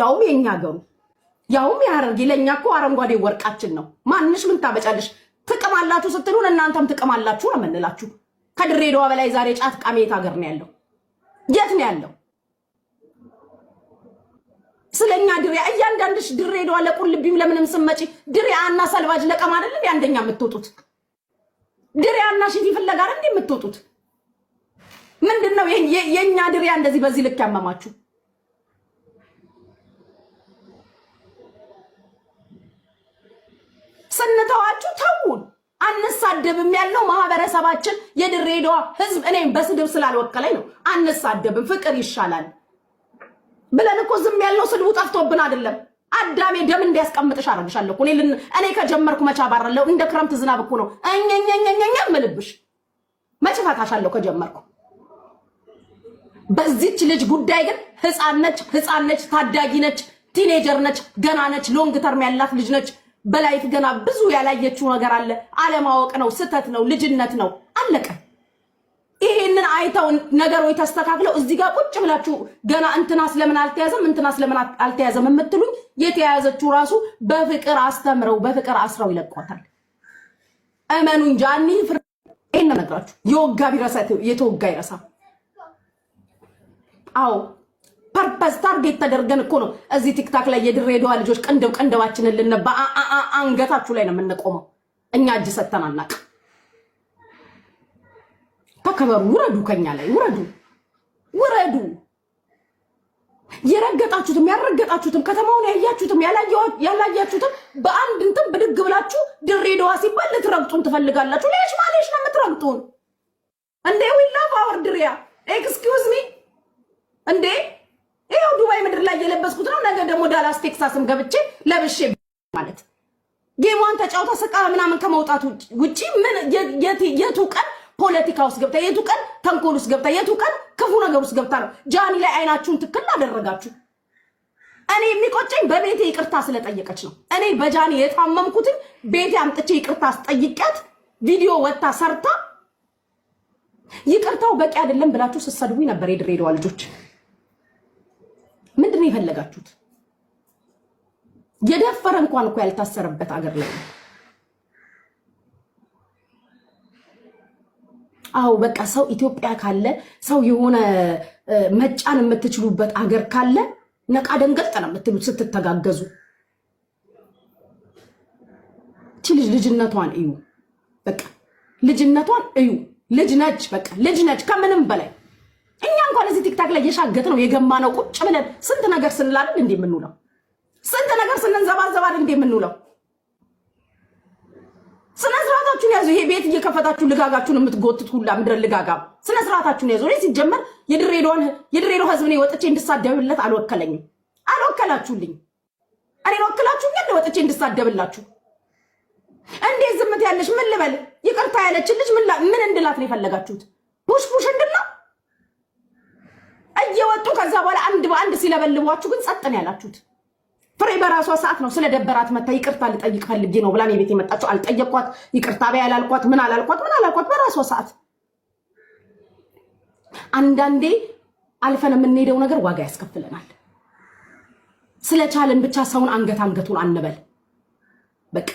ያውም የኛ ሀገሩ ያውም ያረግ ለኛ እኮ አረንጓዴ ወርቃችን ነው። ማንሽ ምን ታበጫለሽ? ጥቅም አላችሁ ስትሉን እናንተም ጥቅም አላችሁ ነው የምንላችሁ። ከድሬዳዋ በላይ ዛሬ ጫት ቃሚ የት ሀገር ነው ያለው? የት ነው ያለው? ስለኛ ድሬ እያንዳንድሽ ድሬዳዋ ለቁልቢም ለምንም ስመጪ ድሬአና ሰልባጅ ለቀማ አይደለም አንደኛ የምትወጡት ድሬአና ሽቲ ፍለጋ አይደል የምትወጡት? ምንድነው የኛ ድሬያ እንደዚህ በዚህ ልክ ያመማችሁ? ስንተዋችሁ ተውን። አንሳደብም ያለው ማህበረሰባችን የድሬዳዋ ህዝብ እኔም በስድብ ስላልወከለኝ ነው። አንሳደብም ፍቅር ይሻላል ብለን እኮ ዝም ያለው ስድቡ ጠፍቶብን አይደለም። አዳሜ ደም እንዲያስቀምጥሽ አረግሻለሁ። እኔ ከጀመርኩ መቼ አባራለሁ? እንደ ክረምት ዝናብ እኮ ነው እኛኛኛኛ ምልብሽ መቼ እፈታሻለሁ ከጀመርኩ። በዚች ልጅ ጉዳይ ግን ህፃን ነች፣ ህፃን ነች፣ ታዳጊ ነች፣ ቲኔጀር ነች፣ ገና ነች፣ ሎንግ ተርም ያላት ልጅ ነች። በላይፍ ገና ብዙ ያላየችው ነገር አለ። አለማወቅ ነው፣ ስህተት ነው፣ ልጅነት ነው። አለቀ። ይሄንን አይተው ነገሮች ተስተካክለው እዚህ ጋር ቁጭ ብላችሁ ገና እንትናስ ለምን አልተያዘም፣ እንትናስ ለምን አልተያዘም የምትሉኝ የተያዘችው ራሱ በፍቅር አስተምረው በፍቅር አስረው ይለቋታል። እመኑ እንጂ አኒ ነግራችሁ የወጋ ቢረሳ የተወጋ ይረሳ። አዎ ፐርፐስ ታርጌት ተደርገን እኮ ነው እዚህ ቲክታክ ላይ የድሬዳዋ ልጆች ቀንደብ ቀንደባችንን ልነባ አንገታችሁ ላይ ነው የምንቆመው። እኛ እጅ ሰጥተን አናቅ። ተከበሩ፣ ውረዱ፣ ከኛ ላይ ውረዱ፣ ውረዱ። የረገጣችሁትም ያረገጣችሁትም ከተማውን ያያችሁትም ያላያችሁትም በአንድ እንትን ብድግ ብላችሁ ድሬዳዋ ሲባል ልትረግጡን ትፈልጋላችሁ። ሌሽ ማሌሽ ነው የምትረግጡን እንዴ? ዊላ ፓወር ድሬያ ኤክስኪውዝ ሚ እንዴ ይኸው ዱባይ ምድር ላይ የለበስኩት ነው። ነገ ደግሞ ዳላስ ቴክሳስም ገብቼ ለብሼ ማለት ጌሟን ተጫውታ ስቃ ምናምን ከመውጣት ውጪ ምን የቱ ቀን ፖለቲካ ውስጥ ገብታ የቱ ቀን ተንኮል ውስጥ ገብታ የቱ ቀን ክፉ ነገር ውስጥ ገብታ ነው ጃኒ ላይ አይናችሁን ትክል አደረጋችሁ። እኔ የሚቆጨኝ በቤቴ ይቅርታ ስለጠየቀች ነው። እኔ በጃኒ የታመምኩትን ቤቴ አምጥቼ ይቅርታ አስጠይቂያት ቪዲዮ ወጥታ ሰርታ ይቅርታው በቂ አይደለም ብላችሁ ስትሰድቡኝ ነበር የድሬዳዋ ልጆች። ነው የፈለጋችሁት። የደፈረ እንኳን እኮ ያልታሰረበት አገር ላይ ነው። አዎ በቃ ሰው ኢትዮጵያ ካለ ሰው የሆነ መጫን የምትችሉበት አገር ካለ ነቃ ደንገልጥ ነው የምትሉት ስትተጋገዙ። እቺ ልጅ ልጅነቷን እዩ፣ በቃ ልጅነቷን እዩ። ልጅ ነች፣ በቃ ልጅ ነች ከምንም በላይ እኛ እንኳን እዚህ ቲክታክ ላይ የሻገት ነው የገማ ነው ቁጭ ብለን ስንት ነገር ስንላለን እንዴ የምንውለው ስንት ነገር ስንንዘባዘባል እንዴ የምንውለው። ስነ ስርዓታችሁን ያዙ። ይሄ ቤት እየከፈታችሁ ልጋጋችሁን የምትጎትት ሁላ ምድረ ልጋጋ ስነ ስርዓታችሁን ያዙ። እኔ ሲጀመር የድሬዳዋ ህዝብ ነው ወጥቼ እንድሳደብለት አልወከለኝም። አልወከላችሁልኝ። እኔ ወክላችሁ ግን ወጥቼ እንድሳደብላችሁ እንዴት ዝምት ያለች ምን ልበል ይቅርታ ያለችን ልጅ ምን እንድላት ነው የፈለጋችሁት? ቡሽ ቡሽ እንድል እየወጡ ከዛ በኋላ አንድ በአንድ ሲለበልቧችሁ ግን ጸጥ ነው ያላችሁት። ፍሬ በራሷ ሰዓት ነው ስለ ደበራት መታ ይቅርታ ልጠይቅ ፈልጌ ነው ብላን የቤት የመጣችው። አልጠየቅኳት፣ ይቅርታ በይ አላልኳት፣ ምን አላልኳት፣ ምን አላልኳት። በራሷ ሰዓት አንዳንዴ አልፈን የምንሄደው ነገር ዋጋ ያስከፍለናል። ስለቻለን ብቻ ሰውን አንገት አንገቱን አንበል። በቃ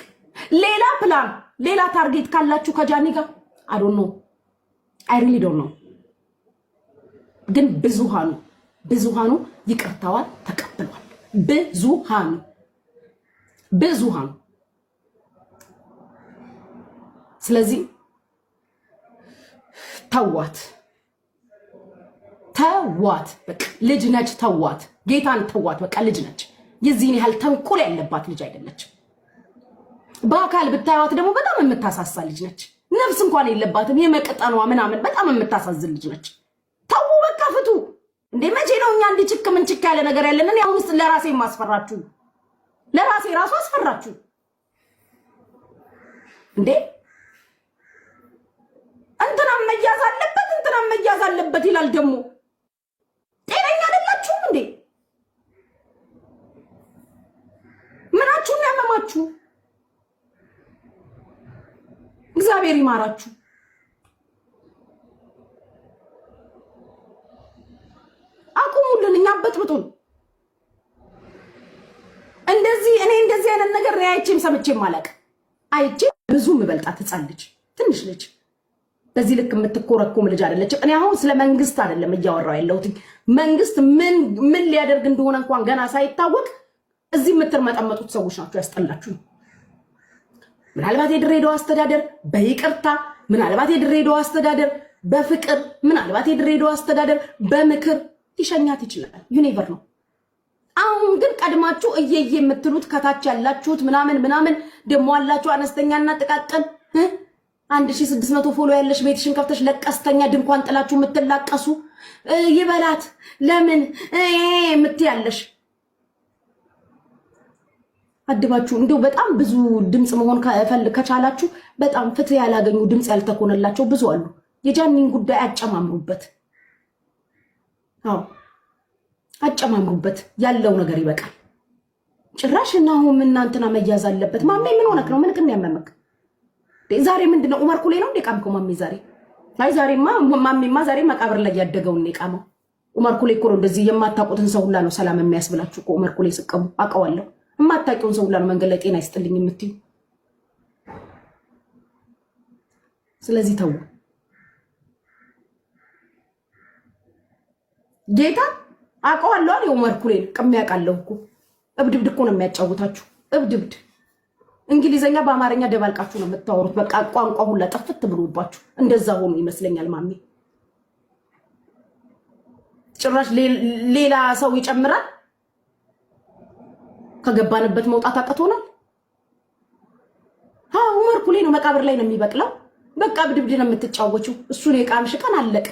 ሌላ ፕላን ሌላ ታርጌት ካላችሁ ከጃኒ ጋር አዶኖ አይሪሊ ዶኖ ግን ብዙሃኑ ብዙሃኑ ይቅርታዋን ተቀብሏል። ብዙሃኑ ብዙሃኑ ስለዚህ ተዋት ተዋት በቃ ልጅ ነች። ተዋት ጌታን ተዋት በቃ ልጅ ነች። የዚህን ያህል ተንኮል ያለባት ልጅ አይደለች። በአካል ብታዩት ደግሞ በጣም የምታሳሳ ልጅ ነች። ነፍስ እንኳን የለባትም። የመቀጠኗ ምናምን በጣም የምታሳዝን ልጅ ነች። ፍቱ እንዴ! መቼ ነው እኛ እንዲህ ችክ ምን ችክ ያለ ነገር ያለን? እኔ አሁንስ ለራሴ የማስፈራችሁ ለራሴ ራሱ አስፈራችሁ እንዴ! እንትናም መያዝ አለበት እንትናም መያዝ አለበት ይላል ደግሞ። ጤነኛ አይደላችሁም እንዴ? ምናችሁን ያመማችሁ? እግዚአብሔር ይማራችሁ። አይቼም ሰምቼም አላውቅም። አይቼ ብዙ የምበልጣት ህፃን ልጅ ትንሽ ልጅ በዚህ ልክ የምትኮረኩም ልጅ አይደለችም። እኔ አሁን ስለ መንግስት አይደለም እያወራው ያለሁት። መንግስት ምን ምን ሊያደርግ እንደሆነ እንኳን ገና ሳይታወቅ እዚህ የምትርመጠመጡት ሰዎች ናቸው። ያስጠላችሁ ምናልባት የድሬዳዋ አስተዳደር በይቅርታ ምናልባት የድሬዳዋ አስተዳደር በፍቅር ምናልባት የድሬዳዋ አስተዳደር በምክር ሊሸኛት ይችላል። ዩኔቨር ነው። አሁን ግን ቀድማችሁ እየየ የምትሉት ከታች ያላችሁት ምናምን ምናምን ደሞ አላችሁ አነስተኛና ጥቃቅን አንድ ሺ ስድስት መቶ ፎሎ ያለሽ ቤትሽን ከፍተሽ ለቀስተኛ ድንኳን ጥላችሁ የምትላቀሱ ይበላት ለምን የምትያለሽ አድባችሁ እንዲሁ በጣም ብዙ ድምፅ መሆን ከቻላችሁ በጣም ፍትህ ያላገኙ ድምፅ ያልተኮነላቸው ብዙ አሉ። የጃኒን ጉዳይ አጨማምሩበት። አዎ አጨማምሩበት። ያለው ነገር ይበቃል። ጭራሽ እናሁም እናንተና መያዝ አለበት። ማሜ ምን ሆነክ ነው? ምንክ ያመመክ? ዛሬ ምንድነው? ኡመር ኩሌ ነው እንዴ ቃምከው? ማሜ ዛሬ አይ ዛሬማ ማሜማ ዛሬ መቃብር ላይ ያደገውን ነው የቃመው። ኡመር ኩሌ እኮ ነው እንደዚህ የማታውቁትን ሰው ሁላ ነው ሰላም የሚያስብላችሁ እኮ። ኡመር ኩሌ ስቀሙ አውቀዋለሁ። የማታውቂውን ሰው ሁላ ነው መንገድ ላይ ጤና ይስጥልኝ የምትዩ። ስለዚህ ተው ጌታ አውቀዋለሁ አለ መርኩሌን ቅሜ አውቃለሁ እኮ እብድብድ እኮ ነው የሚያጫውታችሁ እብድብድ እንግሊዘኛ በአማርኛ ደባልቃችሁ ነው የምታወሩት በቃ ቋንቋ ሁላ ጥፍት ብሎባችሁ እንደዛ ሆኑ ይመስለኛል ማሜ ጭራሽ ሌላ ሰው ይጨምራል ከገባንበት መውጣት አቅቶናል ኡመር ኩሌ ነው መቃብር ላይ ነው የሚበቅለው በቃ እብድብድ ነው የምትጫወችው እሱን የቃምሽ ቀን አለቅ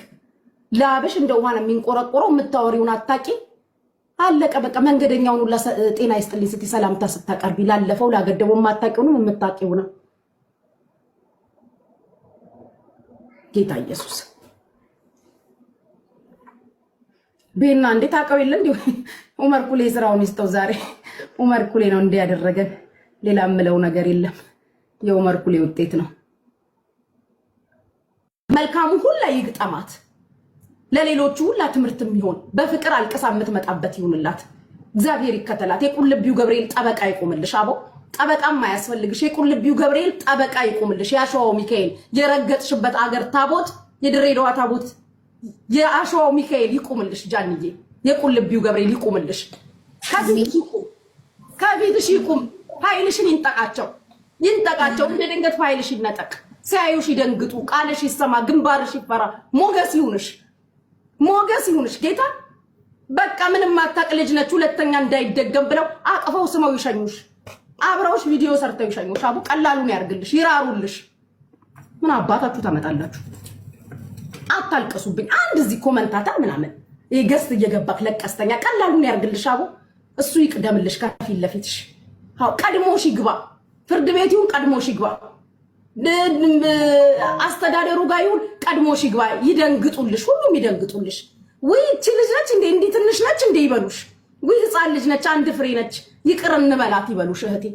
ለአብሽ እንደ ውሃ ነው የሚንቆረቆረው። የምታወሪውን አታቂ አለቀ በቃ። መንገደኛውን ሁላ ጤና ይስጥልኝ ስትይ ሰላምታ ስታቀርቢ ላለፈው ላገደበው የማታቂውንም የምታቂው ነው። ጌታ ኢየሱስ ቤና እንዴት አውቀው የለ እንዲ ኡመር ኩሌ ስራውን ይስጠው። ዛሬ ኡመር ኩሌ ነው እንዲ ያደረገን። ሌላ ምለው ነገር የለም። የኡመር ኩሌ ውጤት ነው። መልካሙ ሁላ ይግጠማት። ለሌሎቹ ሁላ ትምህርት የሚሆን በፍቅር አልቅሳ የምትመጣበት ይሁንላት። እግዚአብሔር ይከተላት። የቁልቢው ገብርኤል ጠበቃ ይቆምልሽ። አቦ ጠበቃም አያስፈልግሽ። የቁልቢው ገብርኤል ጠበቃ ይቆምልሽ። የአሸዋው ሚካኤል የረገጥሽበት አገር ታቦት፣ የድሬዳዋ ታቦት የአሸዋው ሚካኤል ይቁምልሽ። ጃንዬ የቁልቢው ገብርኤል ይቁምልሽ። ከፊትሽ ይቁም። ፋይልሽን ይንጠቃቸው፣ ይንጠቃቸው። እንደ ድንገት ፋይልሽ ይነጠቅ። ሲያዩሽ ይደንግጡ። ቃልሽ ይሰማ፣ ግንባርሽ ይፈራ። ሞገስ ይሁንሽ። ሞገስ ይሁንሽ ጌታ በቃ ምንም ማታቅ ልጅ ነች፣ ሁለተኛ እንዳይደገም ብለው አቅፈው ስመው ይሸኙሽ፣ አብረውሽ ቪዲዮ ሰርተው ይሸኙሽ። አቡ ቀላሉን ያርግልሽ፣ ይራሩልሽ። ምን አባታችሁ ታመጣላችሁ? አታልቀሱብኝ። አንድ እዚህ ኮመንታታ ምናምን ገስት እየገባክ ለቀስተኛ፣ ቀላሉን ያርግልሽ አቡ። እሱ ይቅደምልሽ ከፊት ለፊትሽ። ቀድሞሽ ይግባ፣ ፍርድ ቤት ይሁን ቀድሞሽ ይግባ። አስተዳደሩ ጋር ይሁን ቀድሞሽ ይግባ። ይደንግጡልሽ፣ ሁሉም ይደንግጡልሽ። ወይ እቺ ልጅ ነች እንዴ እንዲህ ትንሽ ነች እንዴ ይበሉሽ። ወይ ህፃን ልጅ ነች፣ አንድ ፍሬ ነች፣ ይቅር እንበላት ይበሉሽ። እህቴ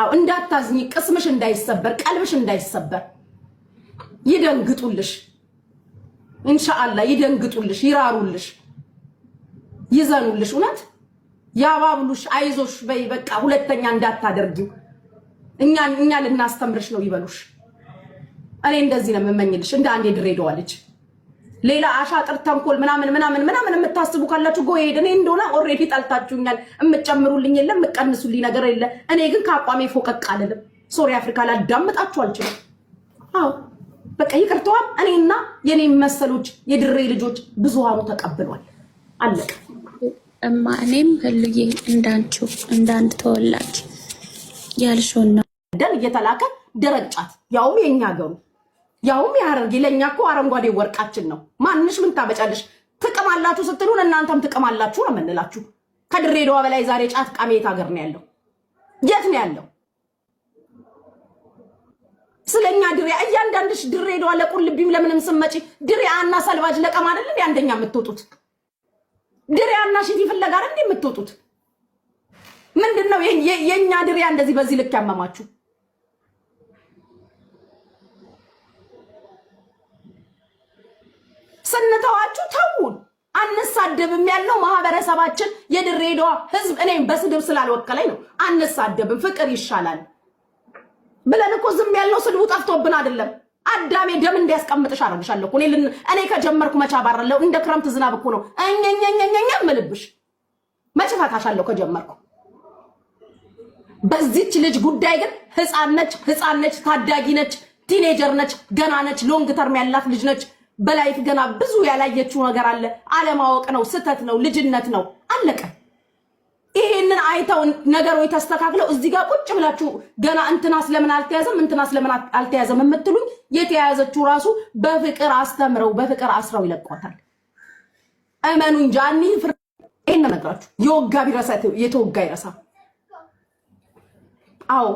አዎ፣ እንዳታዝኝ፣ ቅስምሽ እንዳይሰበር፣ ቀልብሽ እንዳይሰበር። ይደንግጡልሽ፣ ኢንሻአላ ይደንግጡልሽ፣ ይራሩልሽ፣ ይዘኑልሽ። እውነት ያባብሉሽ፣ አይዞሽ በይ በቃ ሁለተኛ እንዳታደርጊው እኛ እኛ ልናስተምርሽ ነው ይበሉሽ። እኔ እንደዚህ ነው የምመኝልሽ እንደ አንድ የድሬዳዋ ልጅ። ሌላ አሻጥር፣ ተንኮል ምናምን ምናምን ምናምን የምታስቡ ካላችሁ ጎ ሄድ። እኔ እንደሆነ ኦልሬዲ ጠልታችሁኛል። የምጨምሩልኝ የለም የምቀንሱልኝ ነገር የለ። እኔ ግን ከአቋሜ ፎቀቅ አልልም። ሶሪ አፍሪካ ላዳምጣችሁ አልችልም። አዎ በቃ ይቅርተዋል። እኔና የኔ መሰሎች የድሬ ልጆች ብዙሃኑ ተቀብሏል። አለቀ። እማ እኔም ህልዬ እንዳንቺው እንዳንድ ተወላጅ ያልሽውና ደም እየተላከ ደረቅ ጫት ያውም የኛ ሀገሩ ያውም የሀረርጌ ለእኛ እኮ አረንጓዴ ወርቃችን ነው። ማንሽ ምን ታበጫለሽ? ጥቅም አላችሁ ስትሉን እናንተም ጥቅም አላችሁ ነው የምንላችሁ። ከድሬዳዋ በላይ ዛሬ ጫት ቃሚ የት ሀገር ነው ያለው? የት ነው ያለው? ስለኛ ድሬ እያንዳንድሽ ድሬዳዋ ለቁልቢም ለምንም ስመጪ አና ሰልባጅ ለቀማ አይደለም አንደኛ የምትወጡት አና ሽቲ ፍለጋር አይደል የምትወጡት? ምንድን ነው የእኛ ድሬያ እንደዚህ በዚህ ልክ ያመማችሁ? ስንተዋችሁ ተውን። አንሳደብም ያለው ማህበረሰባችን የድሬዳዋ ህዝብ እኔም በስድብ ስላልወከለኝ ነው። አንሳደብም ፍቅር ይሻላል ብለን እኮ ዝም ያለው ስድቡ ጠፍቶብን አይደለም። አዳሜ ደም እንዲያስቀምጥሽ አረግሻለሁ። እኔ ከጀመርኩ መቻ ባረለው እንደ ክረምት ዝናብ እኮ ነው እኛኛኛኛ ምልብሽ መቼ ከጀመርኩ። በዚች ልጅ ጉዳይ ግን ህፃን ነች፣ ህፃን ነች፣ ታዳጊ ነች፣ ቲኔጀር ነች፣ ገና ነች፣ ሎንግ ተርም ያላት ልጅ ነች። በላይፍ ገና ብዙ ያላየችው ነገር አለ። አለማወቅ ነው፣ ስህተት ነው፣ ልጅነት ነው። አለቀ። ይሄንን አይተው ነገሮች ተስተካክለው እዚህ ጋር ቁጭ ብላችሁ ገና እንትና ስለምን አልተያዘም እንትና ስለምን አልተያዘም የምትሉኝ የተያዘችው ራሱ በፍቅር አስተምረው በፍቅር አስረው ይለቋታል። እመኑ ጃኒ ይሄን ነግራችሁ የወጋ ቢረሳ የተወጋ ይረሳ። አዎ